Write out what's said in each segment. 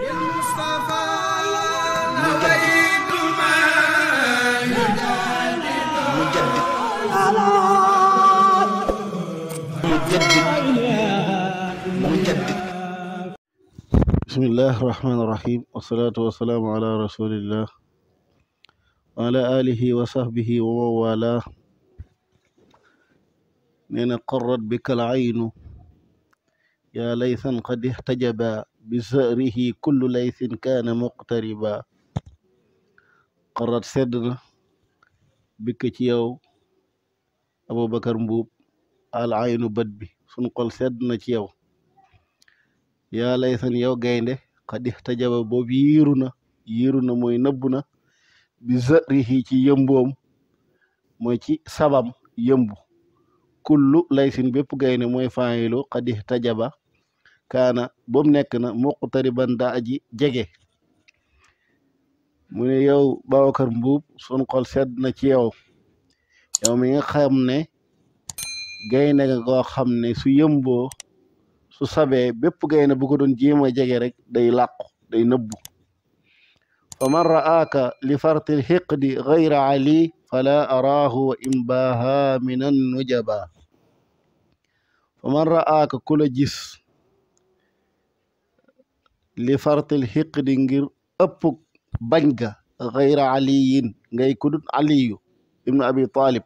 ما بسم الله الرحمن الرحيم والصلاة والسلام على رسول الله وعلى آله وصحبه ووالاه من نين قرت بك العين يا ليثا قد احتجبا bisarihi kullu laysin kana muqtariba qarat sedna bikk ci yow aboubacar mboub al aynu bat bi sun qol sedna ci yow ya laysan yow gaynde qad ihtajaba boob yiiruna yiiruna mooy nëbbuna bisarihi ci yëmboom mooy ci sabam yëmbu kullu laysin bépp gayne mooy fanilu qad ihtajaba kaana bom nekk na muqtariban daa aji jege mu ne yow Babacar Mbuub sun xol sedd na ci yow yow nga xam ne gaynde nga koo xam ne su yëmboo su sabee bépp gaynde bu ko doon jéem jege rek day làqu day nëbbu fa man ra'aaka li fartil xiqdi gayra ali fala araahu wa imbaha minan nujaba fa man ra'aaka ku la li fartil xiq di ngir ëppug bañ ga xayra aliyin ngay kudut aliyu ibnu abi talib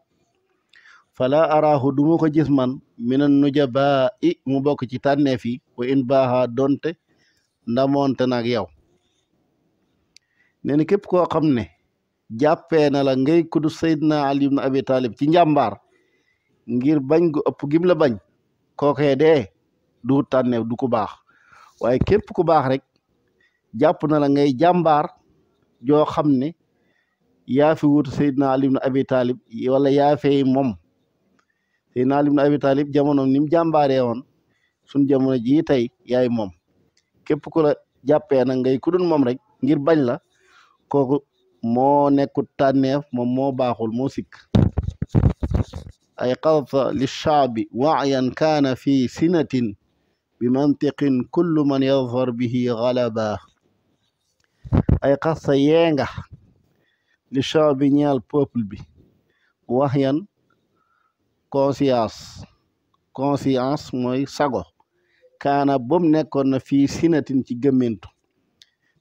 fala araahu du ma ko gis man minan nujaba i mu bokk ci tànneef yi wa in baaha donte ndamoonte nag yow nee na képp koo xam ne jàppee na la ngay kudut saydna ali ibnu abi talib ci njàmbaar ngir bañ gu ëpp gim la bañ kookee dee du tànneef du baax waaye képp ku baax rek jàpp na la ngay jàmbaar joo xam ne yaa fi wuutu Seydina Ali ibn Abi walla wala yaa fey moom na Ali ibn Abi Talib jamono ni mu jàmbaaree woon sun jamono jii tey yaay moom képp ku la jàppee nag ngay ku dul moom rek ngir bañ la kooku moo nekkut tànneef moom moo baaxul moo sikk ay xalta li shaabi waayan kaana fi sinatin بمنطق كل من يظفر به غلبا ay qassa yeenga li choix bi ñaal peuple bi wax yan conscience conscience mooy sago kaana bom nekkoon na fii sinatin ci gëmmintu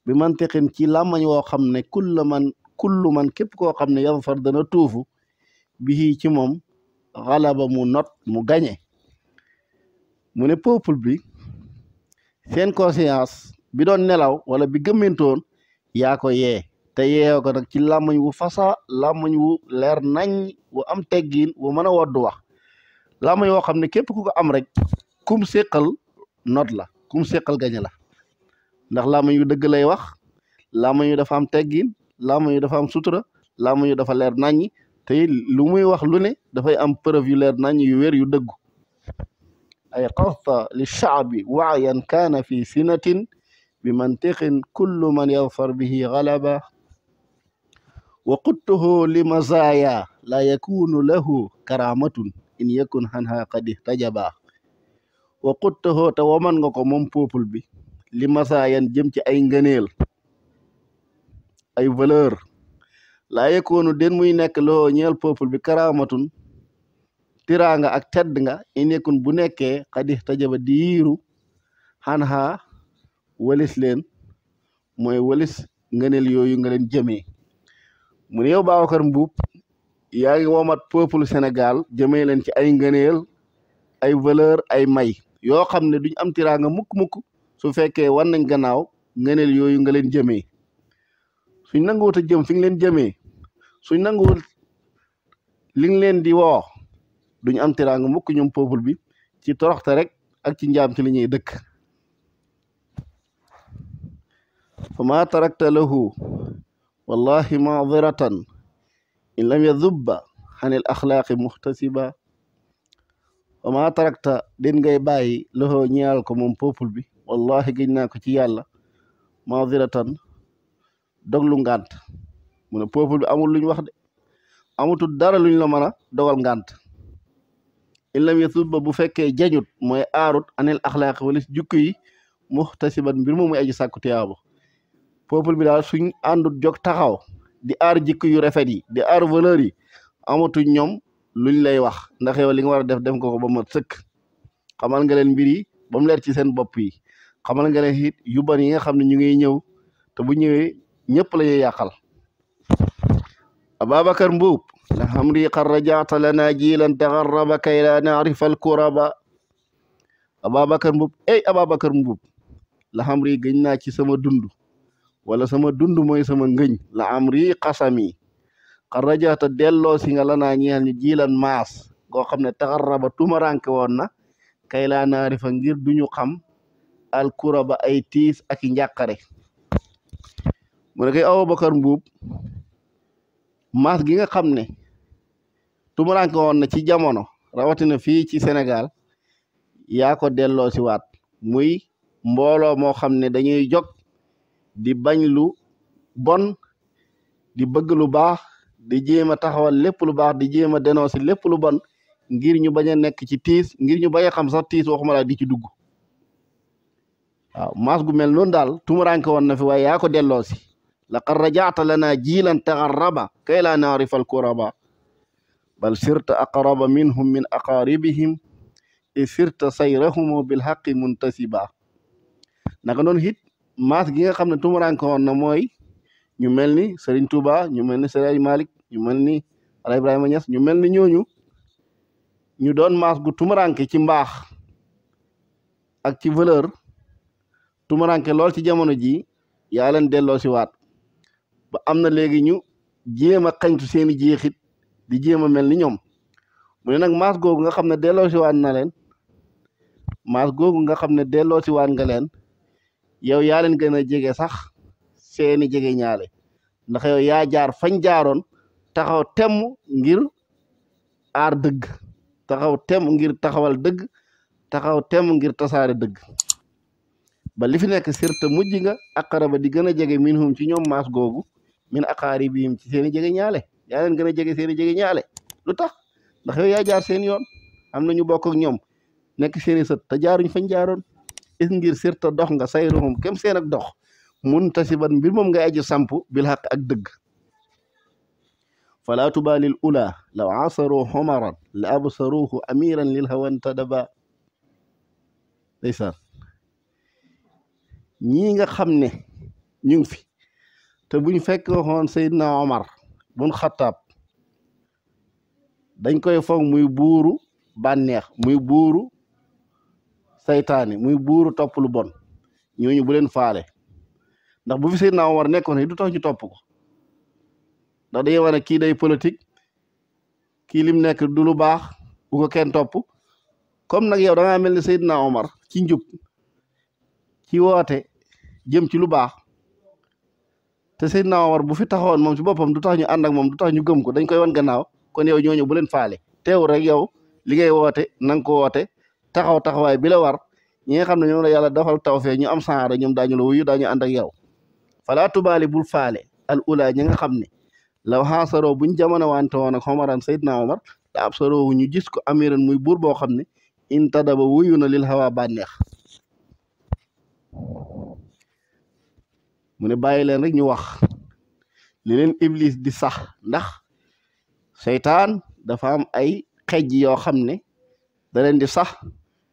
bi mantiqin ci làmmañ woo xam ne kullu man kullu man képp koo xam ne yafar dana tuufu bi ci moom xalaba mu not mu gañe mu ne peuple bi seen conscience bi doon nelaw wala bi gëmmentoon yaa ko yee te yeew ko nag ci làmmañ wu fasa làmmañ wu leer nañ wu am teggiin wu mën a woddu wax làmmañ woo xam ne képp ku ko am rek kum séqal noot la kum séqal gañe la ndax làmmañ wu dëgg lay wax làmmañ wu dafa am teggiin làmmañ wu dafa am sutura làmmañ wu dafa leer naññi te lu muy wax lu ne dafay am preuve yu leer naññ yu wér yu dëggu أيقظت للشعب وعيا كان في سنة بمنطق كل من يظفر به غلبة وقدته لمزايا لا يكون له كرامة إن يكن عنها قد احتجبا وقدته توامان غوكو موم بوبل بي لمزايا جيم تي أي نغنيل أي فالور لا يكون دين موي نيك لو نيل بوبل بي كرامة tiraanga ak tedd nga i nekkun bu nekkee xadix tajaba diiru xanxaa walis leen mooy walis ngëneel yooyu nga leen jëmee mu ne yow Babacar Mboup yaa ngi woomat peuple Sénégal jëmee leen ci ay ngëneel ay valeur ay may yoo xam ne duñ am tiraanga mukk-mukk su fekkee war nañ gannaaw ngëneel yooyu nga leen jëmee suñ nanguwut a jëm fi nga leen jëmee suñ nanguwut li nga leen di woo duñu am teraanga mukk ñoom peuple bi ci toroxte rek ak ci njaam ci li ñuy dëkk fa ma tarakta lahu wallahi maadiratan in lam yadubba an il axlaaqi muhtasiba ma tarakta din ngay bàyyi loxoo ñeyal ko moom peuple bi wallahi gëñ naa ko ci yàlla maadiratan doglu ngànt mu ne peuple bi amul luñ wax de amutul dara luñ la mën a dogal ngant in lam yatub bu fekkee jañut mooy aarut anil axlaaq wala si jukki yi muxtasiban mbir moom muy aji sàkku tiyaaba peuple bi daal suñ àndut jóg taxaw di aar jikko yu rafet yi di aar valeur yi amatuñ ñoom luñ lay wax ndaxe yow li nga war a def dem ko ko ba mat sëkk xamal nga leen mbir yi ba leer ci seen bopp yi xamal nga leen it yu ban yi nga xam ne ñu ngi ñëw te bu ñëwee ñëpp la ñuy yàqal Ababacar Mbuub لهمري قد رجعت لنا جيلا تغرب كي لا نعرف Mbuub ey Abaa Mbuub la gëñ naa ci sama dund wala sama dund mooy sama ngëñ la amri xasami xarajata delloo si nga la naa ñeel maas goo xam ne taxarraba tumaranke woon na kay laa naarifa ngir duñu xam alkura ba ay tiis ak i mu ne kay Abaa Mbuub maas gi nga xam ne tumuranke woon na ci jamono rawatina fii ci Sénégal yaa ko delloo waat muy mbooloo moo xam ne dañuy jog di bañ lu bon di bëgg lu baax di jéem a taxawal lépp lu baax di jéem a dénoncer lépp lu bon ngir ñu bañ nekk ci tiis ngir ñu bañ xam sax tiis waxuma di ci dugg waaw maas gu mel noonu daal tumuranke woon na fi waaye yaa ko delloo si laqad rajacta lana jiilan tagarraba kay laa naarifa alkuraba bal sirta aqraba minhum min aqaaribihim i sirta sayrahumo bilxaqi muntasiba naka noonu it maas gi nga xam ne tumuranke woon na mooy ñu mel ni Serigne Touba ñu mel ni Serigne Malick ñu mel ni Ala ñu mel ni ñooñu ñu doon maas gu tumuranke ci mbaax ak ci valeur tumuranke lool ci jamono ji yaa leen delloo waat ba am na léegi ñu jéem a xañtu seen i jeexit di jéem a mel ni ñoom mu ne nag maas googu nga xam ne delloosiwaat na leen maas googu nga xam ne delloosiwaat nga leen yow yaa leen gën a jege sax seeni jege ñaale ndax yaa jaar fañ jaaroon taxaw temm ngir aar dëgg taxaw temm ngir taxawal dëgg taxaw temm ngir tasaare dëgg ba li fi nekk sirte mujj nga aqaraba di gën a jege minhum ci ñoom maas googu min aqaaribihim ci seen i jege ñaale yaa leen gën a jege seen jege ñaale lu tax ndax yow yaa jaar seen yoon am na ñu bokk ak ñoom nekk seen sët te jaaruñ fañ jaaroon is ngir sirta dox nga sayruhum kem seen ak dox mun tasiban mbir moom ngay aji samp bil xaq ak dëgg falaa tubaalil ula law asaru xomaran la absaruhu amiran lil hawantadaba ndeysaan ñii nga xam ne ñu ngi fi te buñ fekk xoon Seydina Omar bun Xattaab dañ koy foog muy buuru bànneex muy buuru seytaane muy buuru topp lu bon ñooñu bu leen faale ndax bu fi Seydina Omar nekkoon yi du tax ñu topp ko ndax day wane kii day politique kii lim nekk du lu baax bu kenn topp comme nag yow da ngaa mel ni Seydina Omar ci njub ci woote jëm ci lu baax te seyt Seydina Omar bu fi taxawoon moom ci boppam du tax ñu ànd ak moom du tax ñu gëm ko dañ koy wan gannaaw kon yow ñooñu bu leen faale teew rek yow li ngay woote na ko woote taxaw taxawaay bi la war ñi nga xam ne ñoom la yàlla dafal tawfee ñu am saara ñoom daañu la wuyu daañu ànd ak yow falaa tubaali bul faale al ñi nga xam ne law xaasaroo buñ jamono wante woon ak xomaraan Seydina Omar da ab saroowu ñu gis ko amiran muy buur boo xam ne intadaba wuyu na lil hawa bànneex mu ne bàyyi leen rek ñu wax li leen di sax ndax seytaan dafa am ay xejj yoo xam ne da di sax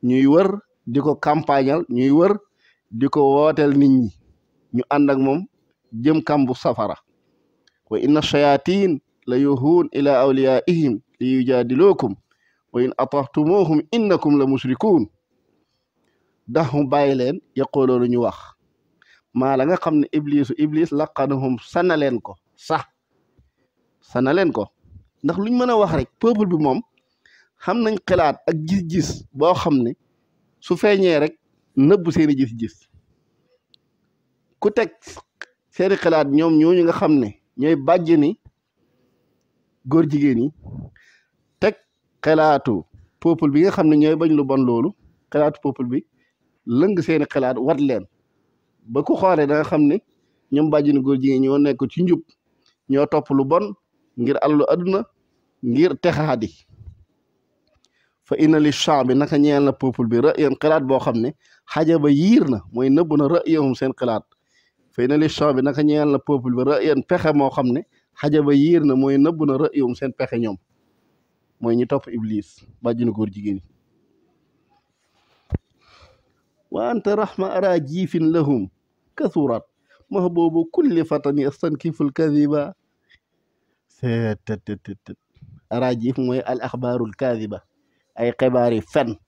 ñuy wër di ko campagnal ñuy wër di ko wootel nit ñi ñu ànd ak moom jëm kambu safara wa inna shayatin la yuhuun ila awliyaihim li yujadilukum wa in atahtumuhum innakum la mushrikuun dax mu bàyyi leen yaqooloo ñu wax maa la nga xam ne iblisu iblis laqanahum sana leen ko sax sana leen ko ndax luñ mën a wax rek peuple bi moom xam nañ xalaat ak jis jis boo xam ne su feeñee rek nëbb seeni jis jis ku teg seeni xalaat ñoom ñooñu nga xam ne ñooy bàjj ni góor jigéen yi teg xalaatu peuple bi nga xam ne ñooy bañ lu bon loolu xalaatu peuple bi lëng seeni xalaat wat leen ba ku xoolee da xam ne ñoom bàjjenu góor jigéen ñoo nekk ci njub ñoo topp lu bon ngir àllu aduna ngir texaadi fa ina li chambi naka ñeel na peuple bi ra'yan xalaat boo xam ne xajaba yiir na mooy nëbb na ra'yahum seen xalaat fa ina li chambi naka ñeel na peuple bi ra'yan pexe moo xam ne xajaba yiir na mooy nëbb na ra'yahum seen pexe ñoom mooy ñu topp iblis bàjjenu góor jigéen ñi wa anta rahma ara jiifin lahum kasurat mahbubu kulli fatan yastankiful kadiba seettt ara jiif mooy al axbaarul kadiba ay xibaar yi fen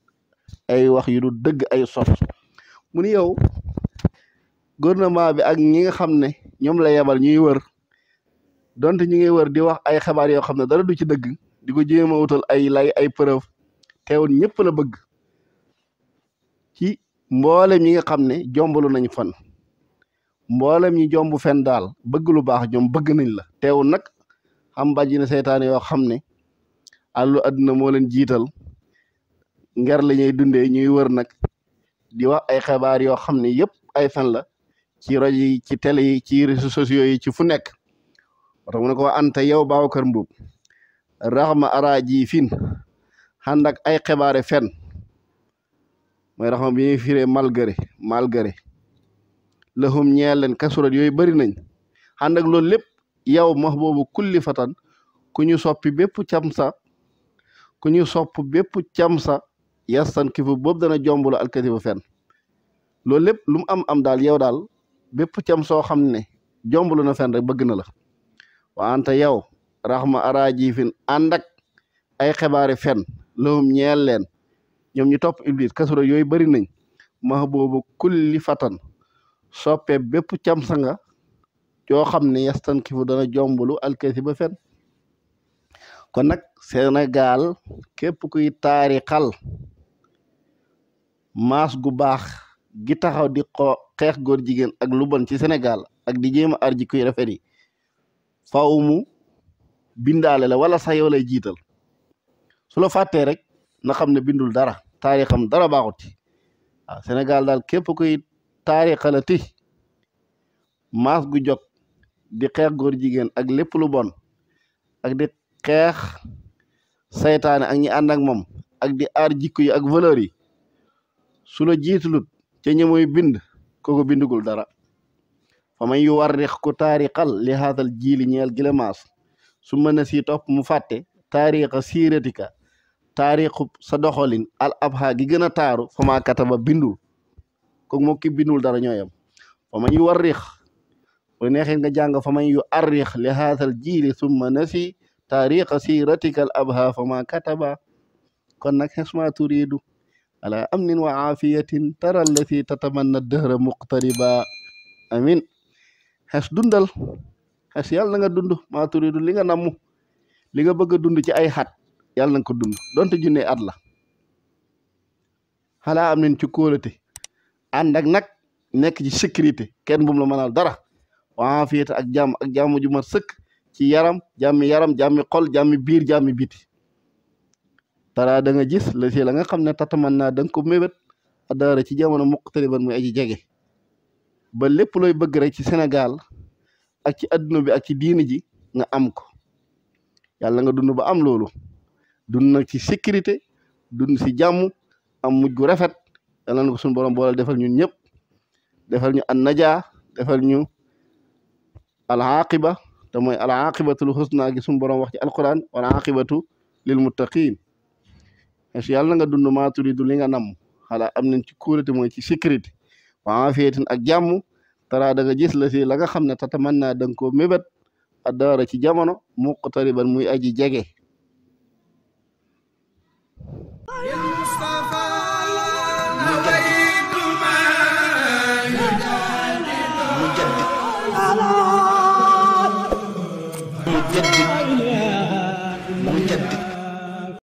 ay wax yu dëgg ay sos mu ni yow gouvernement bi ak ñi nga xam ne ñoom lay yebal ñuy wër donte ñu ngi wër di wax ay xabaar yoo xam ne dara du ci dëgg di ko jéem a wutal ay lay ay preuve teewul ñëpp la bëgg mboolem ñi nga xam ne jombalu nañ fan mboolem yi jomb fen daal bëgg lu baax ñoom bëgg nañ la teewul nag am bàjji na seytaane yoo xam ne àllu àdduna moo leen jiital nger la ñuy dundee ñuy wër nag di wax ay xibaar yoo xam ne yépp ay fen la ci rajo yi ci télé yi ci réseaux sociaux yi ci fu nekk wata mu ne ko anta yow Babacar Mboup raxma araaji fin ànd ak ay xibaare fen mooy raxma bi ñuy firee malgré malgré lahum ñeel leen kasurat yooyu bëri nañ ànd ak loolu lépp yow max boobu kulli fatan ku ñu soppi bépp cam sa ku ñu sopp bépp cam sa yastan kifu boobu dana jombulu alkatiba fenn loolu lépp lu mu am am daal yow daal bépp cam soo xam ne jombulu na fenn rek bëgg na la waante yow raxma araaji fin ay xibaari fenn lahum ñeel leen ñoom ñu topp iblis kasura yooyu bëri nañ max boobu kulli fatan soppe bépp camsa nga yoo xam ne yastan kifu dana jombulu alkasi ba fen kon nag Sénégal képp kuy taarixal maas gu baax gi taxaw di xeex góor jigéen ak lu bon ci Sénégal ak di jéem arji ar ji kuy rafet yi faaw bindaale la wala sax yow lay jiital su la rek na xam ne bindul dara taarixam dara baaxuti waaw Sénégal daal képp kuy taarixalati maas gu jog di xeex góor jigéen ak lépp lu bon ak di xeex saytaane ak ñi ànd ak moom ak di aar jikko yi ak valeur yi su la jiitulut ca ñamoy bind bindugul dara fa man yu warrix ku taarixal li xaatal jiili ñeel gile su mën si topp mu fàtte taarixa siiratika taarixub sa doxalin al abha gi gën taaru fa maa kataba bindul ko moo bindul dara ñooyam fa man yu nga jàng fa man yu arrix li haasal jiili summa nasi taarixa siratika al abha fa maa kataba kon nag xesma turidu ala amnin wa aafiyatin tara allati tatamanna dëhra muqtariba amin xes dundal xes yàlla na nga dund maa turidu li nga bëgg dund ci ay xat yàlla na ko dund donte junne at la xalaa am nañ ci kóolute ànd ak nag nekk ci sécurité kenn bu mu la mënal dara waa fiite ak jàmm ak jàmm ju ma sëkk ci yaram jàmmi yaram jàmmi xol jàmmi biir jàmmi biti taraa danga jis gis la si nga xam ne tataman naa da nga ko mébét addaara ci jamono muqtariban muy aji jege ba lépp looy bëgg rek ci Sénégal ak ci adduna bi ak ci diini ji nga am ko yàlla nga dund ba am loolu dund nag ci sécurité dund si jàmm am mujj gu rafet yàlla na ko suñu borom defal ñu ñëpp defal ñu an najaa defal ñu al aqiba te mooy al aqibatu lu xusna gi suñu borom wax ci alquran wal aqibatu lil muttaqin yàlla na nga dund maa turidu li nga nam xala am nañ ci kóolute mooy ci sécurité wa afiyatin ak jàmm tara da nga gis la si la nga xam ne tataman naa da nga koo mébét addaara ci jamono muqtariban muy aji jege